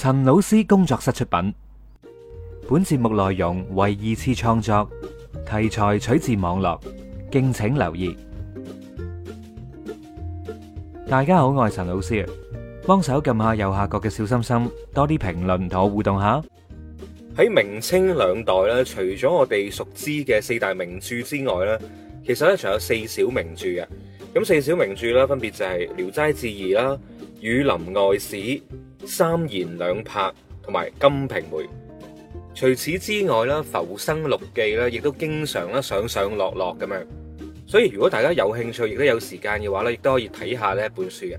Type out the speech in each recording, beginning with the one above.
陳老師工作室出品，本節目內容為二次創作，題材取自網絡，敬請留意。大家好，我係陳老師啊，幫手撳下右下角嘅小心心，多啲評論同我互動下。喺明清兩代咧，除咗我哋熟知嘅四大名著之外咧，其實咧仲有四小名著嘅。咁四小名著啦，分別就係《聊齋志異》啦，《儒林外史》。三言兩拍，同埋金瓶梅。除此之外，浮生六記，亦都經常，上上落落，咁樣。所以如果大家有興趣，亦都有時間嘅話，亦都可以睇下呢，本書。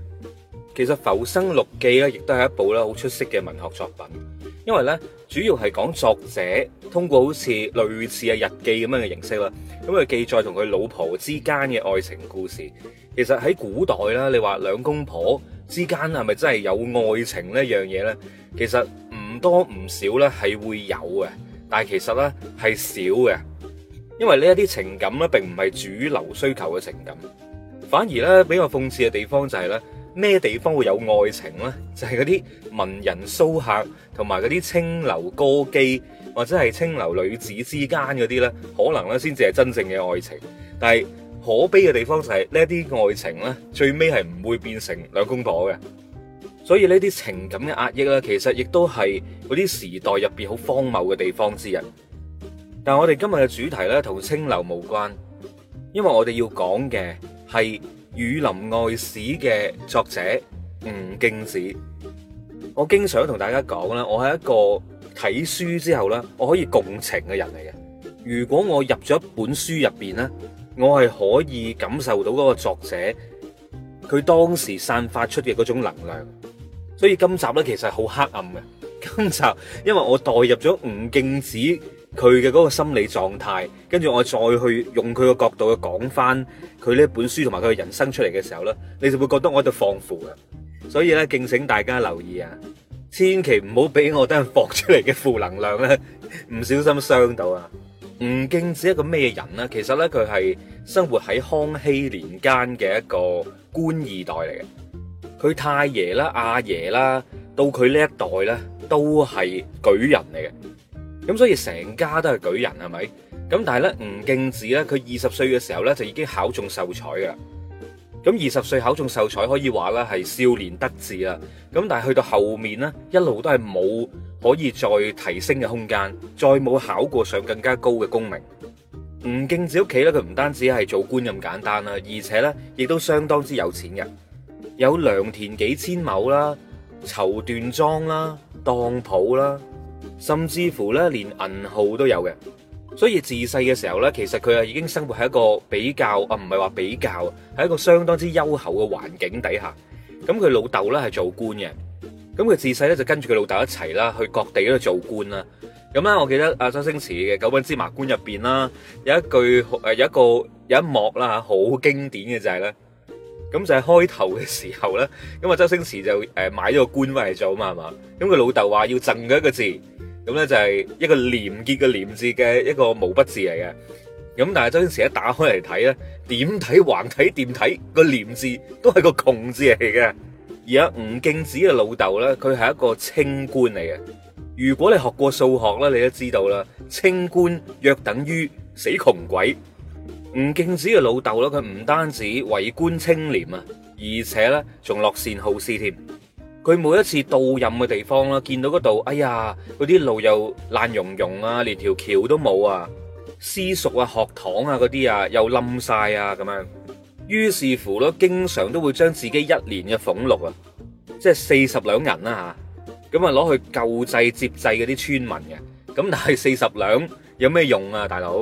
其實，浮生六記，亦都係一部，好出色嘅文學作品。因為呢，主要係講作者，通過好似，類似日記咁樣嘅形式啦。咁佢記載同佢老婆之間嘅愛情故事。其實，喺古代，你話兩公婆,之間係咪真係有愛情呢樣嘢呢，其實唔多唔少呢係會有嘅，但係其實呢係少嘅，因為呢一啲情感呢並唔係主流需求嘅情感，反而呢，俾我諷刺嘅地方就係呢：咩地方會有愛情呢？就係嗰啲文人騷客同埋嗰啲青樓歌姬或者係青樓女子之間嗰啲呢，可能呢先至係真正嘅愛情，但係。可悲嘅地方就係呢一啲愛情咧，最尾係唔會變成兩公婆嘅，所以呢啲情感嘅壓抑咧，其實亦都係嗰啲時代入邊好荒謬嘅地方之一。但係我哋今日嘅主題咧，同清流無關，因為我哋要講嘅係《儒林外史》嘅作者吳敬梓。我經常同大家講啦，我係一個睇書之後咧，我可以共情嘅人嚟嘅。如果我入咗一本書入邊咧，我係可以感受到嗰個作者佢當時散發出嘅嗰種能量，所以今集呢，其實好黑暗嘅。今集因為我代入咗吳敬梓佢嘅嗰個心理狀態，跟住我再去用佢個角度去講翻佢呢本書同埋佢嘅人生出嚟嘅時候呢，你就會覺得我喺度放負嘅，所以呢，敬請大家留意啊，千祈唔好俾我等人放出嚟嘅負能量呢，唔 小心傷到啊！吳敬梓一個咩人呢？其實咧佢係生活喺康熙年間嘅一個官二代嚟嘅，佢太爺啦、阿、啊、爺啦,到佢呢一代咧都係舉人嚟嘅，咁所以成家都係舉人係咪？咁但係咧吳敬梓咧佢二十歲嘅時候咧就已經考中秀才噶啦。咁二十歲考中秀才可以話咧係少年得志啦，咁但係去到後面咧，一路都係冇可以再提升嘅空間，再冇考過上更加高嘅功名。吳敬梓屋企咧，佢唔單止係做官咁簡單啦，而且呢，亦都相當之有錢嘅，有良田幾千畝啦，綢緞莊啦，當鋪啦，甚至乎呢，連銀號都有嘅。所以自細嘅時候咧，其實佢啊已經生活喺一個比較啊唔係話比較，係一個相當之優厚嘅環境底下。咁佢老豆咧，係做官嘅，咁佢自細咧就跟住佢老豆一齊啦去各地喺度做官啦。咁咧，我記得阿周星馳嘅《九品芝麻官》入邊啦，有一句誒、呃，有一個有一幕啦好、啊、經典嘅就係、是、咧，咁就係開頭嘅時候咧，咁啊周星馳就誒買咗個官位嚟做啊嘛，係嘛，咁佢老豆話要贈佢一個字。咁咧就係一個廉潔嘅廉字嘅一個毛筆字嚟嘅，咁但係周星馳一打開嚟睇咧，點睇橫睇點睇個廉字都係個窮字嚟嘅。而家吳敬梓嘅老豆咧，佢係一個清官嚟嘅。如果你學過數學咧，你都知道啦，清官約等於死窮鬼。吳敬梓嘅老豆咧，佢唔單止為官清廉啊，而且咧仲樂善好施添。佢每一次到任嘅地方啦，見到嗰度，哎呀，嗰啲路又爛溶溶啊，連條橋都冇啊，私塾啊、學堂啊嗰啲啊，又冧晒啊，咁樣。於是乎咯，經常都會將自己一年嘅俸禄啊，即係四十兩銀啦吓，咁啊攞去救濟接濟嗰啲村民嘅。咁但係四十兩有咩用啊，大佬？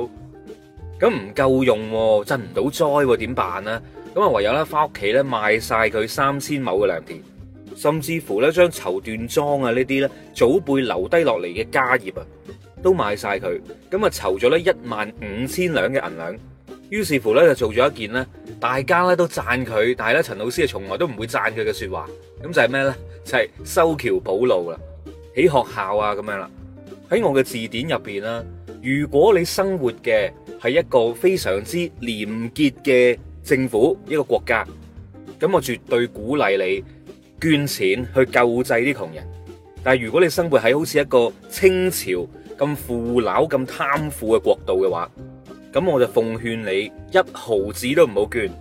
咁唔夠用喎，賑唔到災喎，點辦咧？咁啊，啊啊唯有咧翻屋企咧賣晒佢三千畝嘅糧田。甚至乎咧，將綢緞莊啊呢啲咧，祖輩留低落嚟嘅家業啊，都賣晒佢咁啊，籌咗咧一萬五千兩嘅銀兩。於是乎咧，就做咗一件咧，大家咧都讚佢，但係咧陳老師啊，從來都唔會讚佢嘅說話。咁就係咩咧？就係、是、修橋補路啦，起學校啊咁樣啦。喺我嘅字典入邊啦，如果你生活嘅係一個非常之廉潔嘅政府一個國家，咁我絕對鼓勵你。捐錢去救濟啲窮人，但係如果你生活喺好似一個清朝咁腐朽、咁貪腐嘅國度嘅話，咁我就奉勸你一毫子都唔好捐，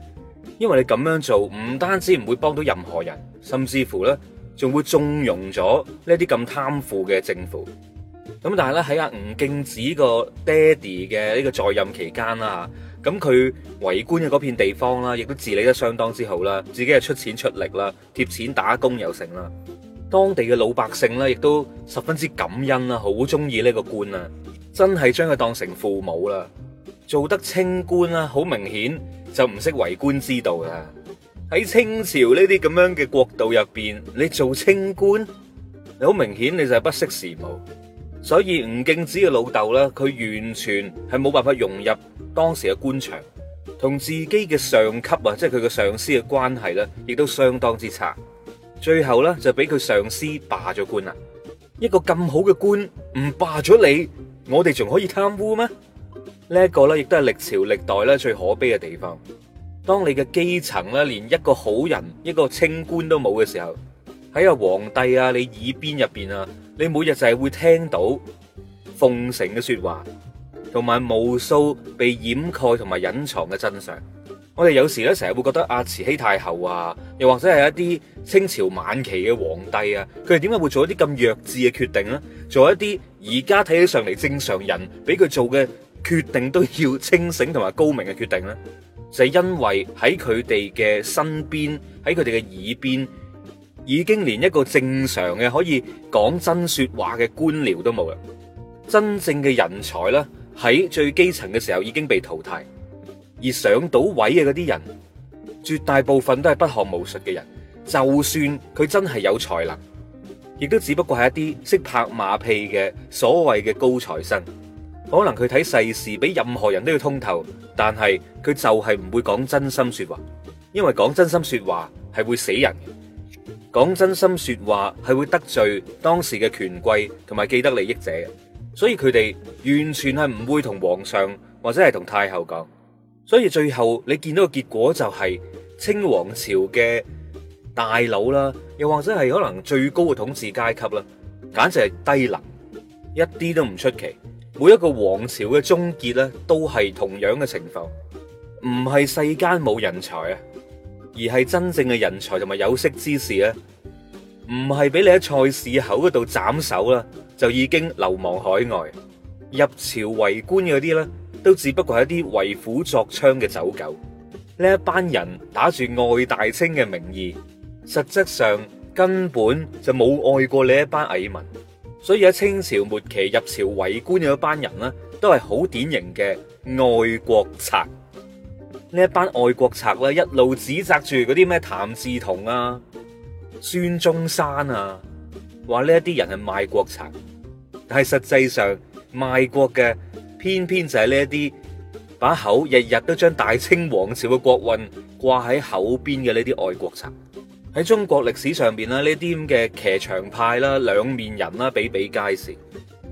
因為你咁樣做唔單止唔會幫到任何人，甚至乎呢，仲會縱容咗呢啲咁貪腐嘅政府。咁但係咧，喺阿吳敬梓個爹哋嘅呢個在任期間啦。咁佢為官嘅嗰片地方啦，亦都治理得相當之好啦，自己又出錢出力啦，貼錢打工又成啦。當地嘅老百姓咧，亦都十分之感恩啦，好中意呢個官啊，真係將佢當成父母啦。做得清官啦，好明顯就唔識為官之道啊。喺清朝呢啲咁樣嘅國度入邊，你做清官，你好明顯你就係不識時務。所以吳敬梓嘅老豆咧，佢完全係冇辦法融入當時嘅官場，同自己嘅上級啊，即係佢嘅上司嘅關係咧，亦都相當之差。最後咧就俾佢上司罷咗官啦。一個咁好嘅官唔罷咗你，我哋仲可以貪污咩？呢、這、一個咧亦都係歷朝歷代咧最可悲嘅地方。當你嘅基層咧連一個好人、一個清官都冇嘅時候，喺個皇帝啊你耳邊入邊啊。你每日就係會聽到奉承嘅說話，同埋無數被掩蓋同埋隱藏嘅真相。我哋有時咧成日會覺得阿慈禧太后啊，又或者係一啲清朝晚期嘅皇帝啊，佢哋點解會做一啲咁弱智嘅決定呢？做一啲而家睇起上嚟正常人俾佢做嘅決定都要清醒同埋高明嘅決定呢？就係因為喺佢哋嘅身邊，喺佢哋嘅耳邊。已經連一個正常嘅可以講真說話嘅官僚都冇啦。真正嘅人才咧，喺最基層嘅時候已經被淘汰，而上到位嘅嗰啲人，絕大部分都係不學無術嘅人。就算佢真係有才能，亦都只不過係一啲識拍馬屁嘅所謂嘅高材生。可能佢睇世事比任何人都要通透，但係佢就係唔會講真心說話，因為講真心說話係會死人。講真心說話係會得罪當時嘅權貴同埋既得利益者，所以佢哋完全係唔會同皇上或者係同太后講，所以最後你見到嘅結果就係清王朝嘅大佬啦，又或者係可能最高嘅統治階級啦，簡直係低能，一啲都唔出奇。每一個王朝嘅終結咧，都係同樣嘅情況，唔係世間冇人才啊！而係真正嘅人才同埋有識之士咧，唔係俾你喺菜市口嗰度斬首啦，就已經流亡海外。入朝為官嘅嗰啲咧，都只不過係一啲為虎作倀嘅走狗。呢一班人打住愛大清嘅名義，實質上根本就冇愛過呢一班蟻民。所以喺清朝末期入朝為官嘅一班人咧，都係好典型嘅愛國賊。呢一班外國賊咧，一路指責住嗰啲咩譚嗣同啊、孫中山啊，話呢一啲人係賣國賊，但係實際上賣國嘅偏偏就係呢一啲把口日日都將大清王朝嘅國運掛喺口邊嘅呢啲外國賊。喺中國歷史上邊啦，呢啲咁嘅騎牆派啦、兩面人啦比比皆是。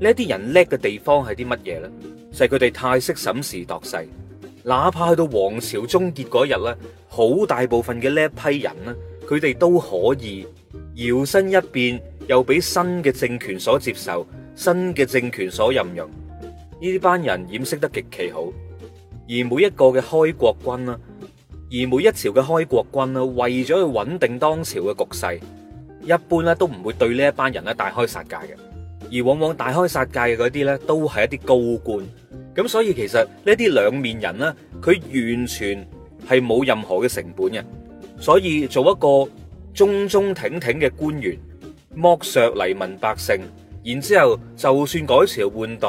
呢一啲人叻嘅地方係啲乜嘢咧？就係佢哋太識審時度勢。哪怕去到王朝終結嗰日咧，好大部分嘅呢一批人咧，佢哋都可以搖身一變，又俾新嘅政權所接受，新嘅政權所任用。呢班人掩飾得極其好，而每一個嘅開國軍啦，而每一朝嘅開國軍啊，為咗去穩定當朝嘅局勢，一般咧都唔會對呢一班人咧大開殺戒嘅，而往往大開殺戒嘅啲咧，都係一啲高官。咁所以其實呢啲兩面人呢，佢完全係冇任何嘅成本嘅。所以做一個忠忠挺挺嘅官員，剝削黎民百姓，然之後就算改朝換代，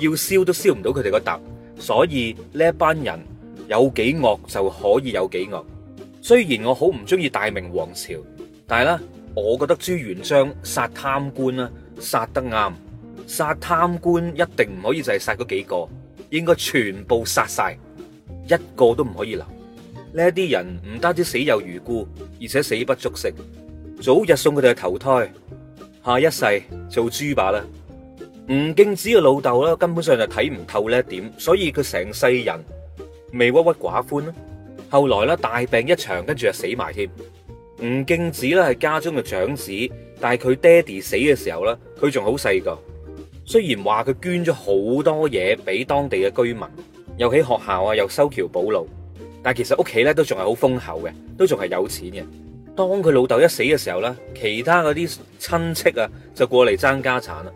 要燒都燒唔到佢哋嗰笪。所以呢一班人有幾惡就可以有幾惡。雖然我好唔中意大明王朝，但係呢，我覺得朱元璋殺貪官咧、啊、殺得啱，殺貪官一定唔可以就係殺嗰幾個。應該全部殺晒，一個都唔可以留。呢一啲人唔單止死有餘辜，而且死不足惜。早日送佢哋去投胎，下一世做豬罷啦。吳敬梓嘅老豆咧，根本上就睇唔透呢一點，所以佢成世人未鬱鬱寡歡咯。後來咧，大病一場，跟住就死埋添。吳敬梓咧係家中嘅長子，但係佢爹哋死嘅時候咧，佢仲好細個。雖然話佢捐咗好多嘢俾當地嘅居民，又起學校啊，又修橋補路，但其實屋企咧都仲係好豐厚嘅，都仲係有錢嘅。當佢老豆一死嘅時候咧，其他嗰啲親戚啊就過嚟爭家產啦。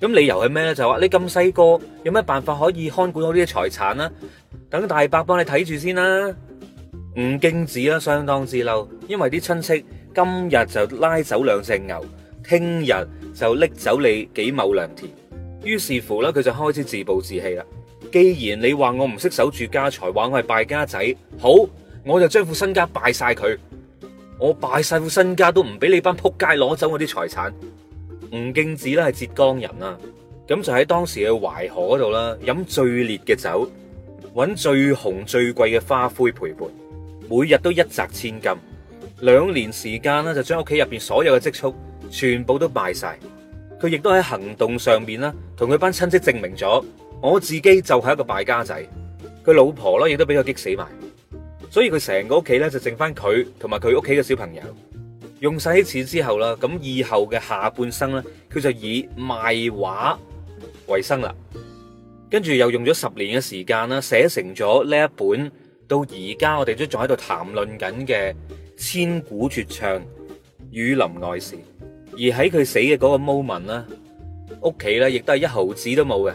咁理由係咩咧？就話你咁細個，有咩辦法可以看管好呢啲財產啊？等大伯幫你睇住先啦。吳敬梓啦，相當之嬲，因為啲親戚今日就拉走兩隻牛。聽日就拎走你幾畝良田，於是乎咧，佢就開始自暴自棄啦。既然你話我唔識守住家財，話我係敗家仔，好，我就將副身家敗晒佢。我敗晒副身家都唔俾你班扑街攞走我啲財產。吳敬梓咧係浙江人啊，咁就喺當時嘅淮河嗰度啦，飲最烈嘅酒，搵最紅最貴嘅花魁陪伴，每日都一擲千金，兩年時間咧就將屋企入邊所有嘅積蓄全部都敗晒，佢亦都喺行動上面啦，同佢班親戚證明咗，我自己就係一個敗家仔。佢老婆咯，亦都俾佢激死埋，所以佢成個屋企咧就剩翻佢同埋佢屋企嘅小朋友。用晒啲錢之後啦，咁以後嘅下半生咧，佢就以賣畫為生啦。跟住又用咗十年嘅時間啦，寫成咗呢一本到而家我哋都仲喺度談論緊嘅千古絕唱《儒林外史》。而喺佢死嘅嗰個 moment 啦，屋企咧亦都係一毫子都冇嘅，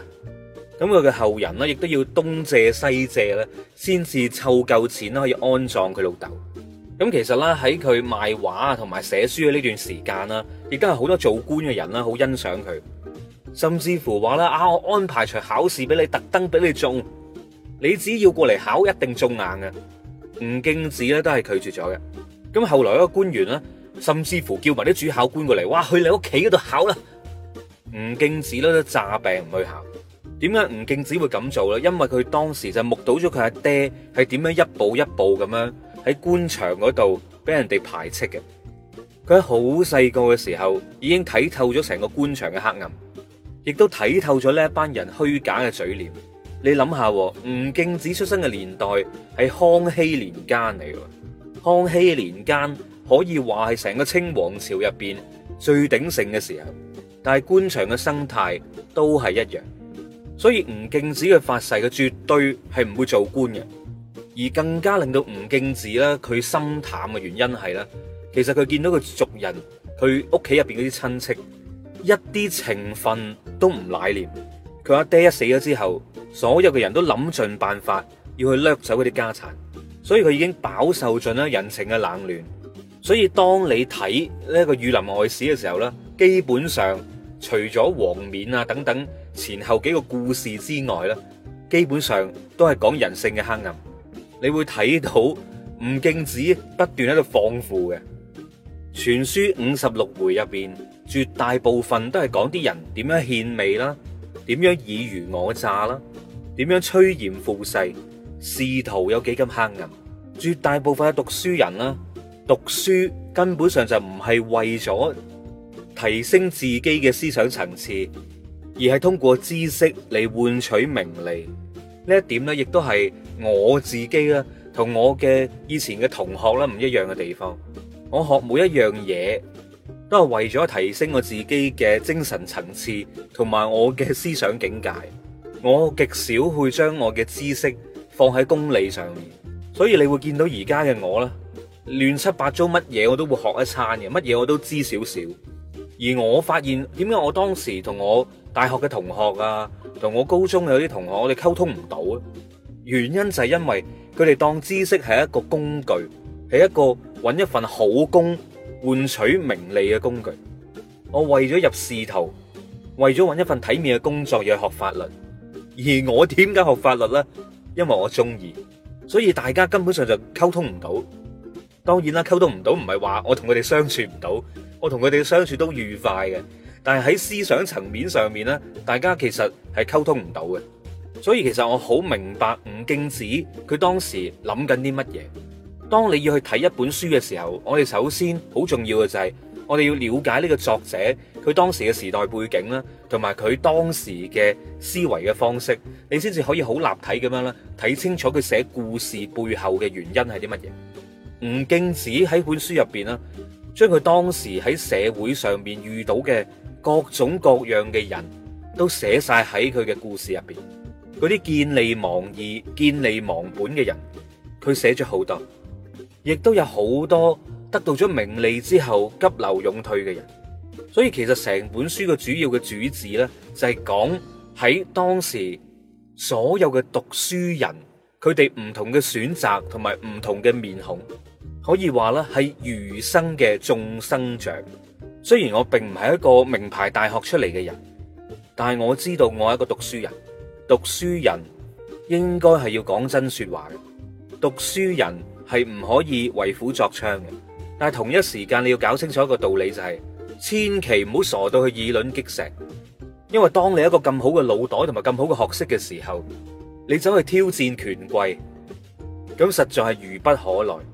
咁佢嘅後人咧亦都要東借西借咧，先至湊夠錢啦，可以安葬佢老豆。咁其實咧喺佢賣畫啊同埋寫書嘅呢段時間啦，亦都係好多做官嘅人啦，好欣賞佢，甚至乎話啦，啊我安排場考試俾你，特登俾你中，你只要過嚟考一定中硬嘅。吳敬梓咧都係拒絕咗嘅。咁後來一個官員咧。甚至乎叫埋啲主考官過嚟，哇！去你屋企嗰度考啦！吳敬梓咧都詐病唔去考，點解吳敬梓會咁做咧？因為佢當時就目睹咗佢阿爹係點樣一步一步咁樣喺官場嗰度俾人哋排斥嘅。佢喺好細個嘅時候已經睇透咗成個官場嘅黑暗，亦都睇透咗呢一班人虛假嘅嘴臉。你諗下，吳敬梓出生嘅年代係康熙年間嚟嘅，康熙年間。可以話係成個清王朝入邊最鼎盛嘅時候，但係官場嘅生態都係一樣，所以吳敬梓嘅發誓佢絕對係唔會做官嘅。而更加令到吳敬梓咧，佢心淡嘅原因係咧，其實佢見到佢族人佢屋企入邊嗰啲親戚一啲情分都唔禮念，佢阿爹一死咗之後，所有嘅人都諗盡辦法要去掠走佢啲家產，所以佢已經飽受盡啦人情嘅冷暖。所以當你睇呢一個《儒林外史》嘅時候呢，基本上除咗王冕啊等等前後幾個故事之外呢，基本上都係講人性嘅黑暗。你會睇到吳敬梓不斷喺度放負，嘅，全書五十六回入邊，絕大部分都係講啲人點樣獻媚啦，點樣爾虞我詐啦，點樣趨炎附勢，仕途有幾咁黑暗。絕大部分嘅讀書人啦。讀書根本上就唔係為咗提升自己嘅思想層次，而係通過知識嚟換取名利。呢一點咧，亦都係我自己啦，同我嘅以前嘅同學啦唔一樣嘅地方。我學每一樣嘢都係為咗提升我自己嘅精神層次，同埋我嘅思想境界。我極少會將我嘅知識放喺功利上面，所以你會見到而家嘅我啦。亂七八糟乜嘢我都會學一餐嘅，乜嘢我都知少少。而我發現點解我當時同我大學嘅同學啊，同我高中有啲同學我哋溝通唔到咧？原因就係因為佢哋當知識係一個工具，係一個揾一份好工換取名利嘅工具。我為咗入仕途，為咗揾一份體面嘅工作，要學法律。而我點解學法律呢？因為我中意，所以大家根本上就溝通唔到。當然啦，溝通唔到唔係話我同佢哋相處唔到，我同佢哋相處都愉快嘅。但係喺思想層面上面咧，大家其實係溝通唔到嘅。所以其實我好明白吳敬梓佢當時諗緊啲乜嘢。當你要去睇一本書嘅時候，我哋首先好重要嘅就係、是、我哋要了解呢個作者佢當時嘅時代背景啦，同埋佢當時嘅思維嘅方式，你先至可以好立體咁樣啦，睇清楚佢寫故事背後嘅原因係啲乜嘢。吳敬梓喺本書入邊啦，將佢當時喺社會上面遇到嘅各種各樣嘅人都寫晒喺佢嘅故事入邊。嗰啲見利忘義、見利忘本嘅人，佢寫咗好多，亦都有好多得到咗名利之後急流勇退嘅人。所以其實成本書嘅主要嘅主旨呢，就係講喺當時所有嘅讀書人，佢哋唔同嘅選擇同埋唔同嘅面孔。可以話咧係餘生嘅眾生像。雖然我並唔係一個名牌大學出嚟嘅人，但係我知道我係一個讀書人。讀書人應該係要講真說話嘅，讀書人係唔可以為虎作倀嘅。但係同一時間你要搞清楚一個道理就係，千祈唔好傻到去以卵擊石。因為當你一個咁好嘅腦袋同埋咁好嘅學識嘅時候，你走去挑戰權貴，咁實在係愚不可耐。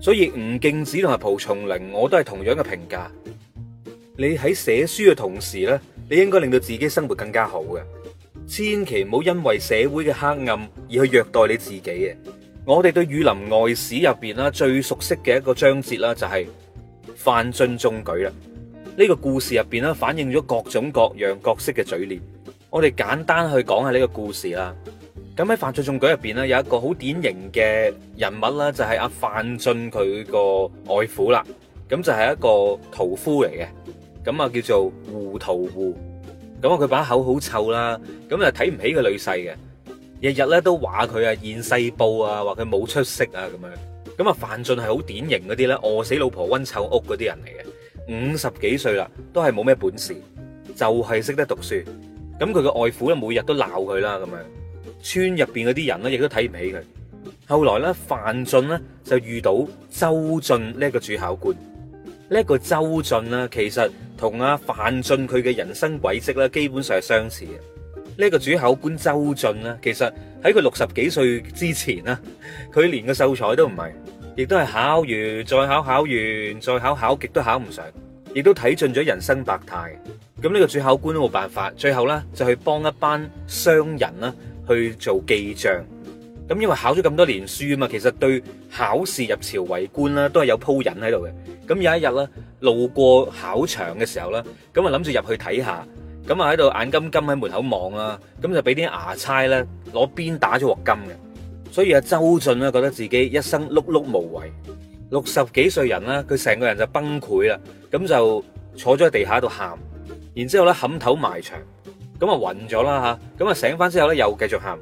所以吳敬梓同埋蒲松齡，我都係同樣嘅評價。你喺寫書嘅同時呢，你應該令到自己生活更加好嘅。千祈唔好因為社會嘅黑暗而去虐待你自己嘅。我哋對《儒林外史》入邊啦，最熟悉嘅一個章節啦，就係范進中舉啦。呢、呢個故事入邊啦，反映咗各種各樣角色嘅嘴臉。我哋簡單去講下呢個故事啦。咁喺范進中舉入邊咧，有一個好典型嘅人物啦，就係阿范進佢個外父啦。咁就係一個屠夫嚟嘅，咁啊叫做胡屠戶。咁啊，佢把口好臭啦，咁啊睇唔起佢女婿嘅，日日咧都話佢啊現世報啊，話佢冇出息啊咁樣。咁啊，范進係好典型嗰啲咧，餓死老婆温臭屋嗰啲人嚟嘅。五十幾歲啦，都係冇咩本事，就係識得讀書。咁佢個外父咧，每日都鬧佢啦，咁樣。村入邊嗰啲人咧，亦都睇唔起佢。後來咧，范進咧就遇到周進呢一個主考官，呢、這、一個周進呢，其實同阿范進佢嘅人生軌跡咧，基本上係相似嘅。呢、這、一個主考官周進呢，其實喺佢六十幾歲之前呢，佢連個秀才都唔係，亦都係考完再考，考完再考，考，考極都考唔上，亦都睇盡咗人生百態。咁、這、呢個主考官都冇辦法，最後呢，就去幫一班商人啦。去做記帳，咁因為考咗咁多年書啊嘛，其實對考試入朝為官啦，都係有鋪癮喺度嘅。咁有一日啦，路過考場嘅時候啦，咁啊諗住入去睇下，咁啊喺度眼金金喺門口望啊，咁就俾啲衙差咧攞鞭打咗鑊金嘅。所以阿周進咧覺得自己一生碌碌無為，六十幾歲人啦，佢成個人就崩潰啦，咁就坐咗喺地下度喊，然之後咧冚頭埋牆。咁啊暈咗啦吓，咁啊醒翻之後咧又繼續喊，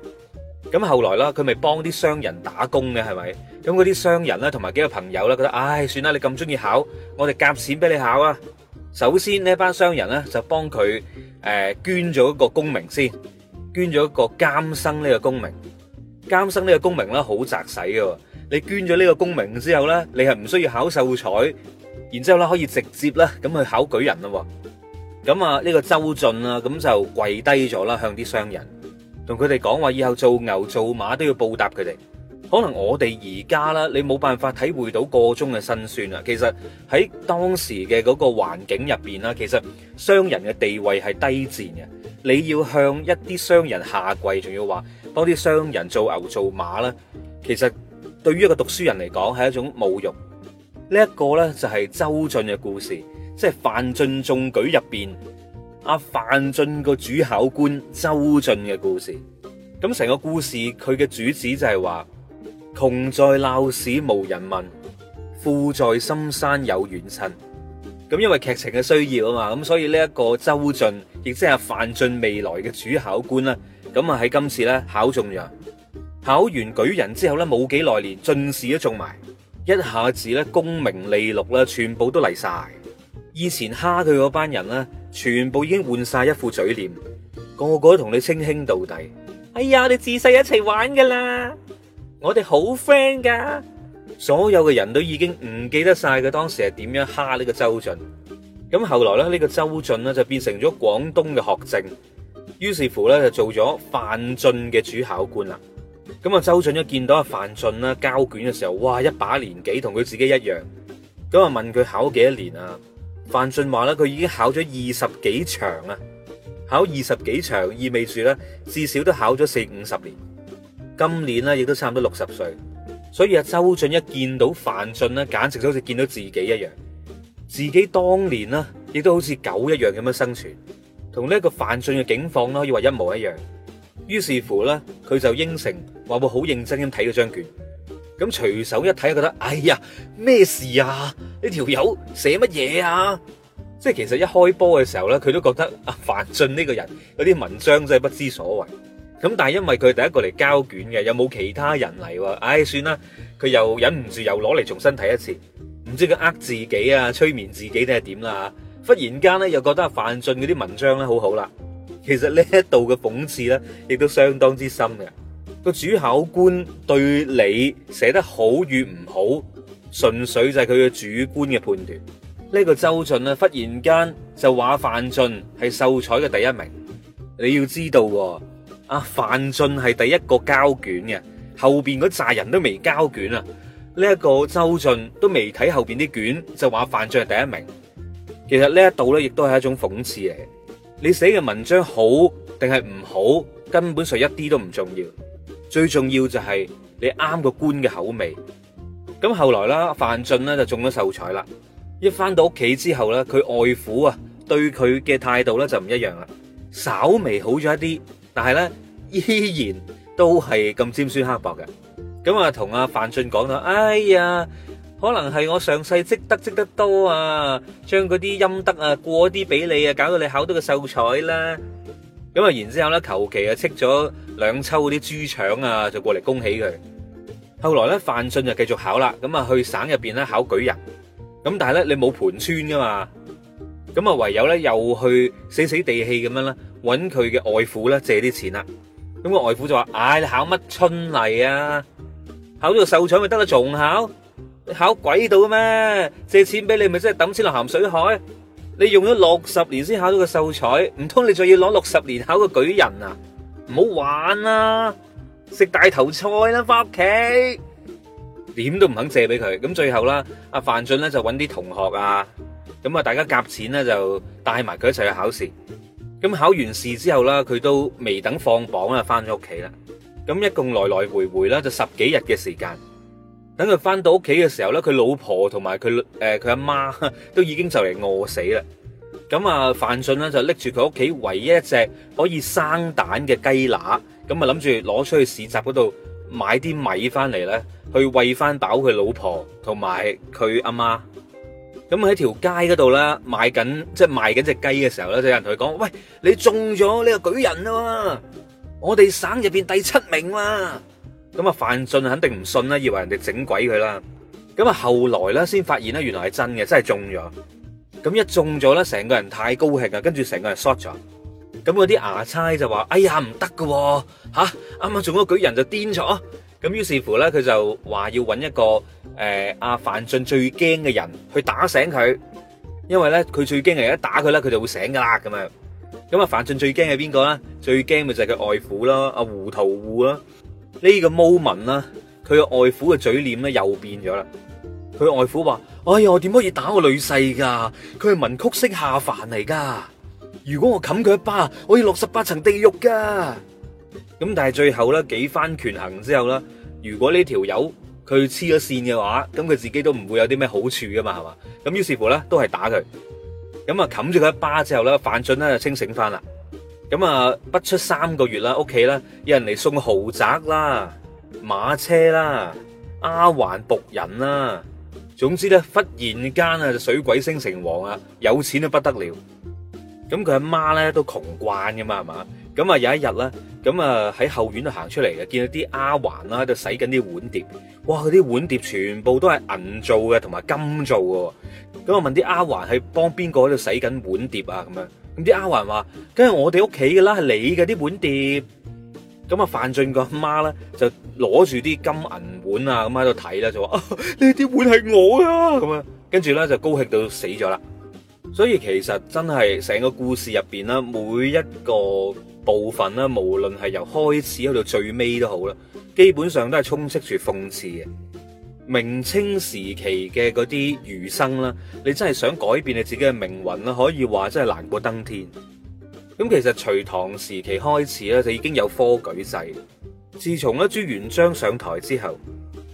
咁後來啦，佢咪幫啲商人打工嘅係咪？咁嗰啲商人咧同埋幾個朋友咧覺得，唉算啦，你咁中意考，我哋夾錢俾你考啊！首先呢一班商人咧就幫佢誒捐咗一個功名先，捐咗一個監生呢個功名，監生呢個功名咧好宅使㗎，你捐咗呢個功名之後咧，你係唔需要考秀才，然之後咧可以直接咧咁去考舉人啊。咁啊，呢個周進啊，咁就跪低咗啦，向啲商人同佢哋講話，以後做牛做馬都要報答佢哋。可能我哋而家啦，你冇辦法體會到個中嘅辛酸啊。其實喺當時嘅嗰個環境入邊啦，其實商人嘅地位係低賤嘅，你要向一啲商人下跪，仲要話幫啲商人做牛做馬啦。其實對於一個讀書人嚟講，係一種侮辱。呢一個咧，就係周進嘅故事，即係范進中舉入邊阿范進個主考官周進嘅故事。咁成個故事佢嘅主旨就係話窮在鬧市無人問，富在深山有遠親。咁因為劇情嘅需要啊嘛，咁所以呢一個周進亦即係阿范進未來嘅主考官啦。咁啊，喺今次咧考中咗，考完舉人之後咧冇幾耐連進士都中埋。一下子咧，功名利祿啦，全部都嚟晒。以前蝦佢嗰班人咧，全部已經換晒一副嘴臉，個個都同你稱兄道弟。哎呀，我哋自細一齊玩噶啦，我哋好 friend 噶。所有嘅人都已經唔記得晒佢當時係點樣蝦呢個周進。咁後來咧，呢個周進咧就變成咗廣東嘅學政，於是乎咧就做咗范進嘅主考官啦。咁啊，周俊一見到阿范進啦，交卷嘅時候，哇，一把年紀同佢自己一樣，咁啊問佢考幾多年啊？范進話咧，佢已經考咗二十幾場啊，考二十幾場意味住咧至少都考咗四五十年，今年咧亦都差唔多六十歲，所以阿周俊一見到范進咧，簡直就好似見到自己一樣，自己當年呢，亦都好似狗一樣咁樣生存，同呢一個范進嘅境況咧可以話一模一樣。於是乎咧，佢就應承話會好認真咁睇嗰張卷。咁隨手一睇，覺得哎呀咩事啊？呢條友寫乜嘢啊？即係其實一開波嘅時候咧，佢都覺得阿范進呢個人嗰啲文章真係不知所謂。咁但係因為佢第一個嚟交卷嘅，有冇其他人嚟，唉、哎、算啦，佢又忍唔住又攞嚟重新睇一次。唔知佢呃自己啊，催眠自己定係點啦？忽然間咧又覺得阿范進嗰啲文章咧好好啦。其實呢一度嘅諷刺呢，亦都相當之深嘅。個主考官對你寫得好與唔好，純粹就係佢嘅主觀嘅判斷。呢個周進咧，忽然間就話范進係秀才嘅第一名。你要知道，啊，范進係第一個交卷嘅，後邊嗰扎人都未交卷啊。呢一個周進都未睇後邊啲卷，就話范進係第一名。其實呢一度呢，亦都係一種諷刺嚟。你寫嘅文章好定係唔好，根本上一啲都唔重要。最重要就係你啱個官嘅口味。咁後來啦，范進咧就中咗秀才啦。一翻到屋企之後咧，佢外父啊對佢嘅態度咧就唔一樣啦，稍微好咗一啲，但係咧依然都係咁尖酸刻薄嘅。咁啊，同阿范進講啦，哎呀。可能係我上世積得積得多啊，將嗰啲陰德啊過啲俾你啊，搞到你考到個秀才啦。咁啊，然之後咧，求其啊，戚咗兩抽嗰啲豬腸啊，就過嚟恭喜佢。後來咧，范進就繼續考啦，咁啊去省入邊咧考舉人。咁但係咧，你冇盤村噶嘛，咁啊唯有咧又去死死地氣咁樣啦，搵佢嘅外父咧借啲錢啦。咁個外父就話：唉，你考乜春嚟啊？考到個秀才咪得啦，仲考？你考鬼到咩？借錢俾你咪真係抌錢落咸水海。你用咗六十年先考到個秀才，唔通你仲要攞六十年考個舉人啊？唔好玩啊！食大頭菜啦，翻屋企。點都唔肯借俾佢。咁最後啦，阿范進咧就揾啲同學啊，咁啊大家夾錢咧就帶埋佢一齊去考試。咁考完試之後啦，佢都未等放榜啦，翻咗屋企啦。咁一共來來回回啦，就十幾日嘅時間。等佢翻到屋企嘅時候咧，佢老婆同埋佢誒佢阿媽都已經就嚟餓死啦。咁啊，范進咧就拎住佢屋企唯一一隻可以生蛋嘅雞乸，咁啊諗住攞出去市集嗰度買啲米翻嚟咧，去餵翻飽佢老婆同埋佢阿媽。咁喺條街嗰度咧，賣緊即係賣緊隻雞嘅時候咧，就有人同佢講：「喂，你中咗呢個舉人啊，我哋省入邊第七名啊。」咁啊，范進肯定唔信啦，以為人哋整鬼佢啦。咁啊，後來咧先發現咧，原來係真嘅，真係中咗。咁一中咗咧，成個人太高興啊，跟住成個人 short 咗。咁嗰啲衙差就話：，哎呀，唔得噶，吓，啱啱中個舉人就癲咗。咁於是乎咧，佢就話要搵一個誒，阿、呃、范進最驚嘅人去打醒佢，因為咧佢最驚係一打佢咧，佢就會醒噶啦。咁啊，咁啊，范進最驚係邊個啦？最驚嘅就係佢外父咯，阿胡屠戶。戶啦。呢個 moment 啦，佢個外父嘅嘴臉咧又變咗啦。佢外父話：，哎呀，我點可以打我女婿噶？佢係文曲星下凡嚟噶。如果我冚佢一巴，我要落十八層地獄噶。咁但係最後咧，幾番權衡之後咧，如果呢條友佢黐咗線嘅話，咁佢自己都唔會有啲咩好處噶嘛，係嘛？咁於是乎咧，都係打佢。咁啊，冚住佢一巴之後咧，范進咧就清醒翻啦。咁啊，不出三個月啦，屋企啦，有人嚟送豪宅啦、馬車啦、丫鬟僕人啦，總之咧，忽然間啊，水鬼升成王啊，有錢都不得了。咁佢阿媽咧都窮慣噶嘛，係嘛？咁啊有一日咧，咁啊喺後院度行出嚟嘅，見到啲丫鬟啦喺度洗緊啲碗碟。哇！嗰啲碗碟全部都係銀做嘅，同埋金做嘅。咁我問啲丫鬟係幫邊個喺度洗緊碗碟啊？咁樣。咁啲丫鬟話：梗係我哋屋企嘅啦，係你嘅啲碗碟。咁啊，范進個阿媽咧就攞住啲金銀碗啊，咁喺度睇啦，就話：呢啲碗係我啊！咁啊，跟住咧就高興到死咗啦。所以其實真係成個故事入邊啦，每一個部分啦，無論係由開始去到最尾都好啦，基本上都係充斥住諷刺嘅。明清時期嘅嗰啲儒生啦，你真係想改變你自己嘅命運啦，可以話真係難過登天。咁其實隋唐時期開始咧就已經有科舉制，自從咧朱元璋上台之後，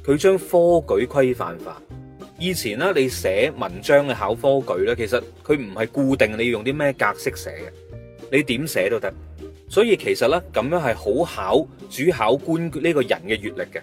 佢將科舉規範化。以前咧你寫文章嘅考科舉咧，其實佢唔係固定你用啲咩格式寫嘅，你點寫都得。所以其實咧咁樣係好考主考官呢個人嘅閲歷嘅。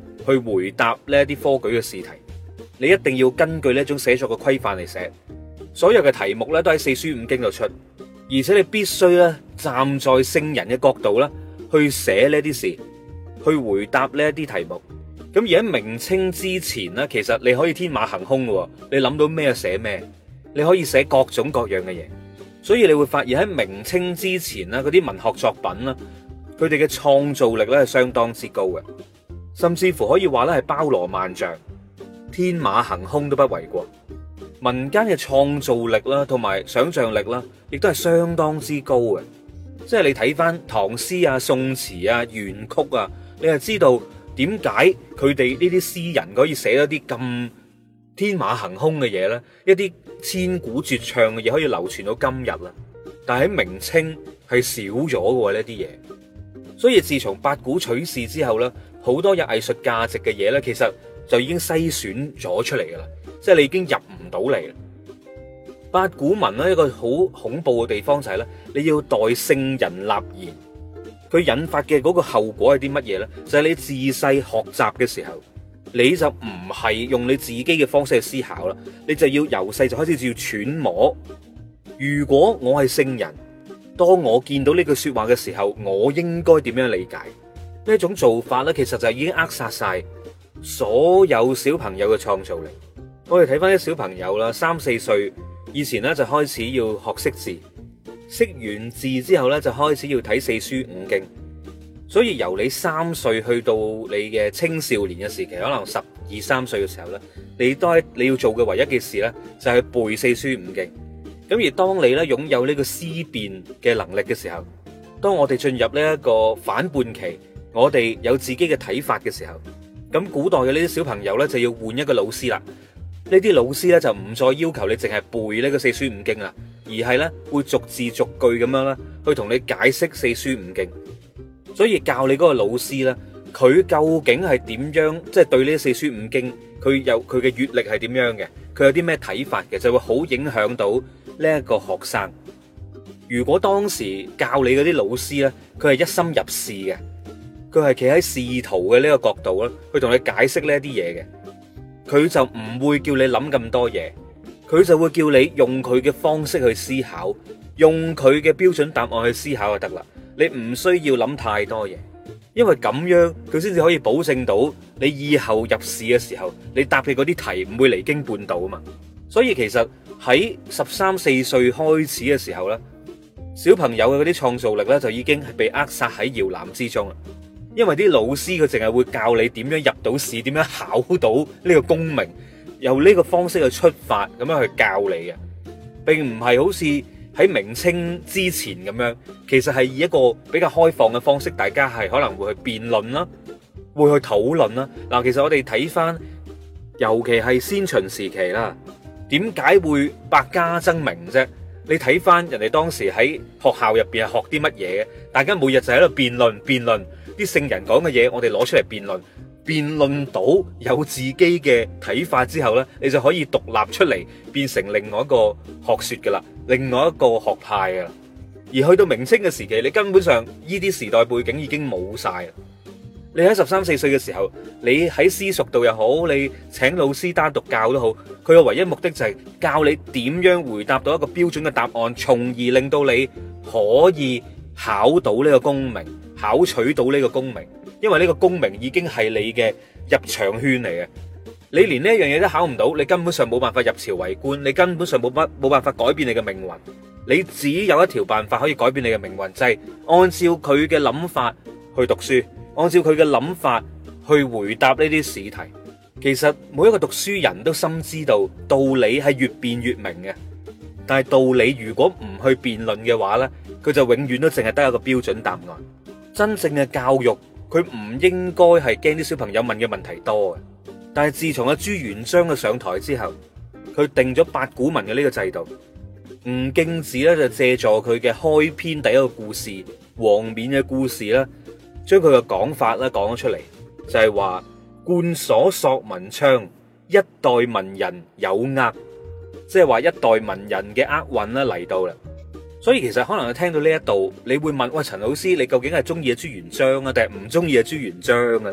去回答呢啲科舉嘅試題，你一定要根據呢一種寫作嘅規範嚟寫。所有嘅題目呢都喺四書五經度出，而且你必須咧站在聖人嘅角度啦，去寫呢啲事，去回答呢啲題目。咁而喺明清之前呢，其實你可以天馬行空，你諗到咩寫咩，你可以寫各種各樣嘅嘢。所以你會發現喺明清之前呢，嗰啲文學作品咧，佢哋嘅創造力咧係相當之高嘅。甚至乎可以話咧，係包羅萬象，天馬行空都不為過。民間嘅創造力啦，同埋想象力啦，亦都係相當之高嘅。即係你睇翻唐詩啊、宋詞啊、元曲啊，你係知道點解佢哋呢啲詩人可以寫到一啲咁天馬行空嘅嘢咧？一啲千古絕唱嘅嘢可以流傳到今日啦。但係喺明清係少咗嘅呢啲嘢，所以自從八股取士之後咧，好多有藝術價值嘅嘢呢，其實就已經篩選咗出嚟噶啦，即係你已經入唔到嚟。八股文呢，一個好恐怖嘅地方就係呢：你要代聖人立言。佢引發嘅嗰個後果係啲乜嘢呢？就係你自細學習嘅時候，你就唔係用你自己嘅方式去思考啦，你就要由細就開始就要揣摩。如果我係聖人，當我見到呢句說話嘅時候，我應該點樣理解？呢一種做法呢，其實就已經扼殺晒所有小朋友嘅創造力。我哋睇翻啲小朋友啦，三四歲以前呢，就開始要學識字，識完字之後呢，就開始要睇四書五經。所以由你三歲去到你嘅青少年嘅時期，可能十二三歲嘅時候呢，你都係你要做嘅唯一嘅事呢，就係背四書五經。咁而當你呢擁有呢個思辨嘅能力嘅時候，當我哋進入呢一個反叛期。我哋有自己嘅睇法嘅時候，咁古代嘅呢啲小朋友呢，就要換一個老師啦。呢啲老師呢，就唔再要求你淨係背呢個四書五經啊，而係呢，會逐字逐句咁樣啦，去同你解釋四書五經。所以教你嗰個老師呢，佢究竟係點樣，即係對呢四書五經佢有佢嘅閱歷係點樣嘅？佢有啲咩睇法嘅，就會好影響到呢一個學生。如果當時教你嗰啲老師呢，佢係一心入仕嘅。佢係企喺仕途嘅呢個角度啦，去同你解釋呢啲嘢嘅，佢就唔會叫你諗咁多嘢，佢就會叫你用佢嘅方式去思考，用佢嘅標準答案去思考就得啦。你唔需要諗太多嘢，因為咁樣佢先至可以保證到你以後入市嘅時候，你答嘅嗰啲題唔會離經叛道啊嘛。所以其實喺十三四歲開始嘅時候咧，小朋友嘅嗰啲創造力咧就已經係被扼殺喺搖籃之中啦。因為啲老師佢淨係會教你點樣入到試，點樣考到呢個功名，由呢個方式去出發咁樣去教你嘅，並唔係好似喺明清之前咁樣，其實係以一個比較開放嘅方式，大家係可能會去辯論啦，會去討論啦。嗱，其實我哋睇翻，尤其係先秦時期啦，點解會百家爭鳴啫？你睇翻人哋當時喺學校入邊係學啲乜嘢嘅？大家每日就喺度辯論，辯論。啲聖人講嘅嘢，我哋攞出嚟辯論，辯論到有自己嘅睇法之後呢，你就可以獨立出嚟，變成另外一個學說噶啦，另外一個學派噶啦。而去到明清嘅時期，你根本上呢啲時代背景已經冇晒。你喺十三四歲嘅時候，你喺私塾度又好，你請老師單獨教都好，佢嘅唯一目的就係教你點樣回答到一個標準嘅答案，從而令到你可以考到呢個功名。考取到呢個功名，因為呢個功名已經係你嘅入場圈嚟嘅。你連呢樣嘢都考唔到，你根本上冇辦法入朝為官，你根本上冇乜冇辦法改變你嘅命運。你只有一條辦法可以改變你嘅命運，就係按照佢嘅諗法去讀書，按照佢嘅諗法去回答呢啲試題。其實每一個讀書人都深知道道理係越辯越明嘅，但係道理如果唔去辯論嘅話呢，佢就永遠都淨係得一個標準答案。真正嘅教育，佢唔應該係驚啲小朋友問嘅問題多嘅。但係自從阿朱元璋嘅上台之後，佢定咗八股文嘅呢個制度。吳敬梓咧就借助佢嘅開篇第一個故事王冕嘅故事咧，將佢嘅講法咧講咗出嚟，就係話官所索文昌，一代文人有厄，即係話一代文人嘅厄運咧嚟到啦。所以其實可能你聽到呢一度，你會問：喂，陳老師，你究竟係中意朱元璋啊，定係唔中意朱元璋啊？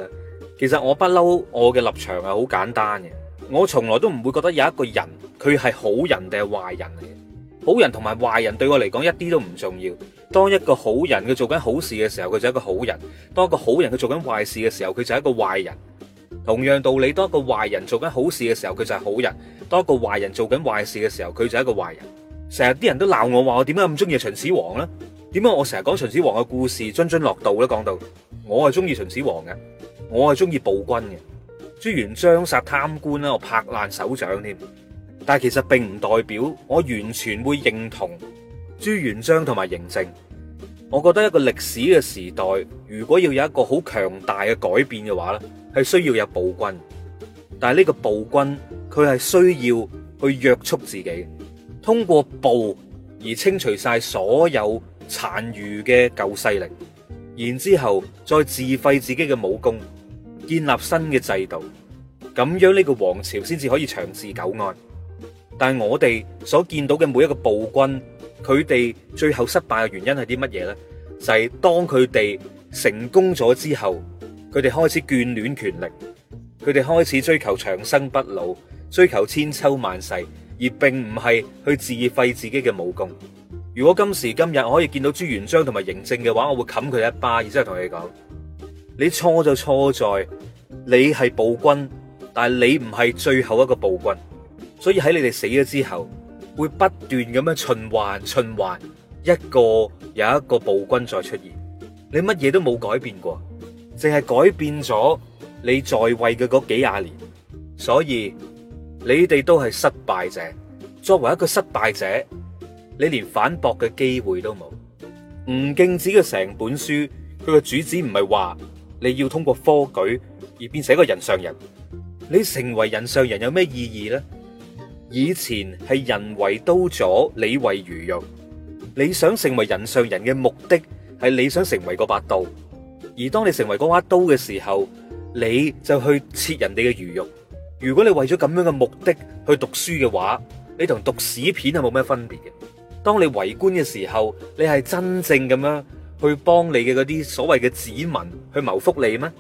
其實我不嬲，我嘅立場係好簡單嘅。我從來都唔會覺得有一個人佢係好人定係壞人嚟嘅。好人同埋壞人對我嚟講一啲都唔重要。當一個好人佢做緊好事嘅時候，佢就係一個好人；當一個好人佢做緊壞事嘅時候，佢就係一個壞人。同樣道理，當一個壞人做緊好事嘅時候，佢就係好人；當一個壞人做緊壞事嘅時候，佢就係一個壞人。成日啲人都鬧我話，我點解咁中意秦始皇呢？點解我成日講秦始皇嘅故事津津樂道咧？講到我係中意秦始皇嘅，我係中意暴君嘅。朱元璋殺貪官咧，我拍爛手掌添。但係其實並唔代表我完全會認同朱元璋同埋嬴政。我覺得一個歷史嘅時代，如果要有一個好強大嘅改變嘅話呢，係需要有暴君。但係呢個暴君，佢係需要去約束自己。通過暴而清除晒所有殘餘嘅舊勢力，然之後再自廢自己嘅武功，建立新嘅制度，咁樣呢個王朝先至可以長治久安。但我哋所見到嘅每一個暴君，佢哋最後失敗嘅原因係啲乜嘢呢？就係、是、當佢哋成功咗之後，佢哋開始眷戀權力，佢哋開始追求長生不老，追求千秋萬世。而並唔係去自廢自己嘅武功。如果今時今日我可以見到朱元璋同埋嬴政嘅話，我會冚佢一巴，然之後同你講：你錯就錯在你係暴君，但係你唔係最後一個暴君。所以喺你哋死咗之後，會不斷咁樣循環循環，一個又一個暴君再出現。你乜嘢都冇改變過，淨係改變咗你在位嘅嗰幾廿年。所以。你哋都係失敗者。作為一個失敗者，你連反駁嘅機會都冇。吳敬梓嘅成本書，佢嘅主旨唔係話你要通過科舉而變成一個人上人。你成為人上人有咩意義呢？以前係人為刀俎，你為魚肉。你想成為人上人嘅目的係你想成為嗰把刀，而當你成為嗰把刀嘅時候，你就去切人哋嘅魚肉。如果你為咗咁樣嘅目的去讀書嘅話，你同讀屎片係冇咩分別嘅。當你為官嘅時候，你係真正咁樣去幫你嘅嗰啲所謂嘅子民去謀福利咩？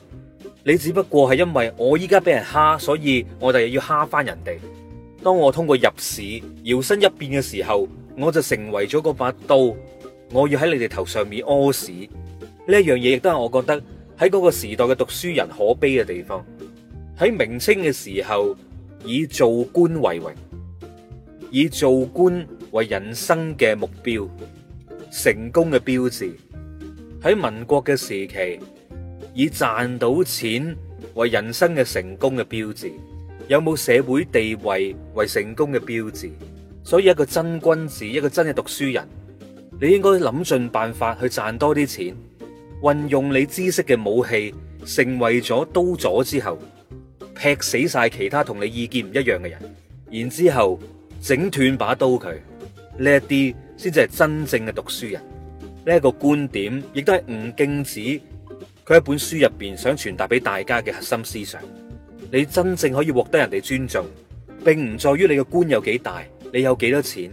你只不過係因為我依家俾人蝦，所以我哋又要蝦翻人哋。當我通過入仕搖身一變嘅時候，我就成為咗嗰把刀，我要喺你哋頭上面屙屎。呢一樣嘢，亦都係我覺得喺嗰個時代嘅讀書人可悲嘅地方。喺明清嘅時候，以做官為榮，以做官為人生嘅目標、成功嘅標誌；喺民國嘅時期，以賺到錢為人生嘅成功嘅標誌，有冇社會地位為成功嘅標誌。所以一個真君子，一個真嘅讀書人，你應該諗盡辦法去賺多啲錢，運用你知識嘅武器，成為咗刀俎之後。劈死晒其他同你意見唔一樣嘅人，然之後整斷把刀佢，呢一啲先至係真正嘅讀書人。呢一個觀點亦都係吳敬梓佢喺本書入邊想傳達俾大家嘅核心思想。你真正可以獲得人哋尊重，並唔在於你嘅官有幾大，你有幾多錢，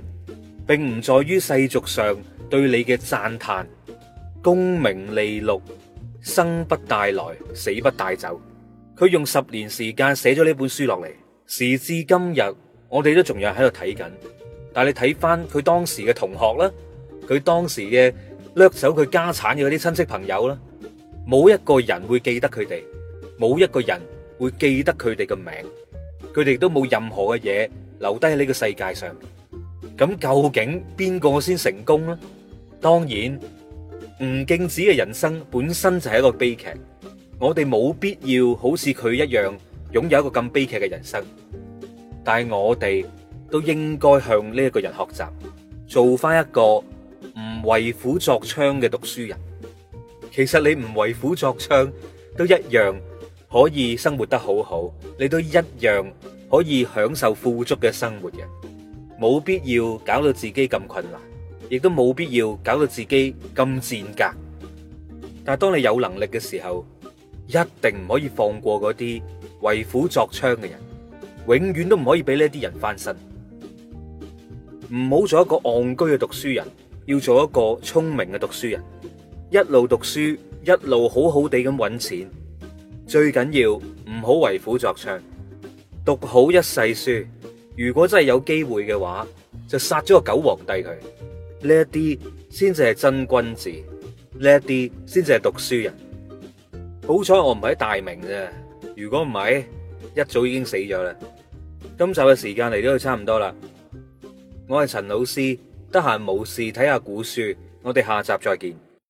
並唔在於世俗上對你嘅讚嘆。功名利祿，生不帶來，死不帶走。佢用十年時間寫咗呢本書落嚟，時至今日，我哋都仲有喺度睇緊。但係你睇翻佢當時嘅同學啦，佢當時嘅掠走佢家產嘅嗰啲親戚朋友啦，冇一個人會記得佢哋，冇一個人會記得佢哋嘅名，佢哋都冇任何嘅嘢留低喺呢個世界上。咁究竟邊個先成功呢？當然，吳敬梓嘅人生本身就係一個悲劇。我哋冇必要好似佢一樣擁有一個咁悲劇嘅人生，但係我哋都應該向呢一個人學習，做翻一個唔為虎作倀嘅讀書人。其實你唔為虎作倀都一樣可以生活得好好，你都一樣可以享受富足嘅生活嘅。冇必要搞到自己咁困難，亦都冇必要搞到自己咁賤格。但係當你有能力嘅時候，一定唔可以放過嗰啲為虎作倀嘅人，永遠都唔可以俾呢啲人翻身。唔好做一個戇居嘅讀書人，要做一個聰明嘅讀書人。一路讀書，一路好好地咁揾錢。最緊要唔好為虎作倀。讀好一世書，如果真係有機會嘅話，就殺咗個九皇帝佢。呢一啲先至係真君子，呢一啲先至係讀書人。好彩我唔喺大明啫，如果唔係，一早已經死咗啦。今集嘅時間嚟到就差唔多啦，我係陳老師，得閒冇事睇下古書，我哋下集再見。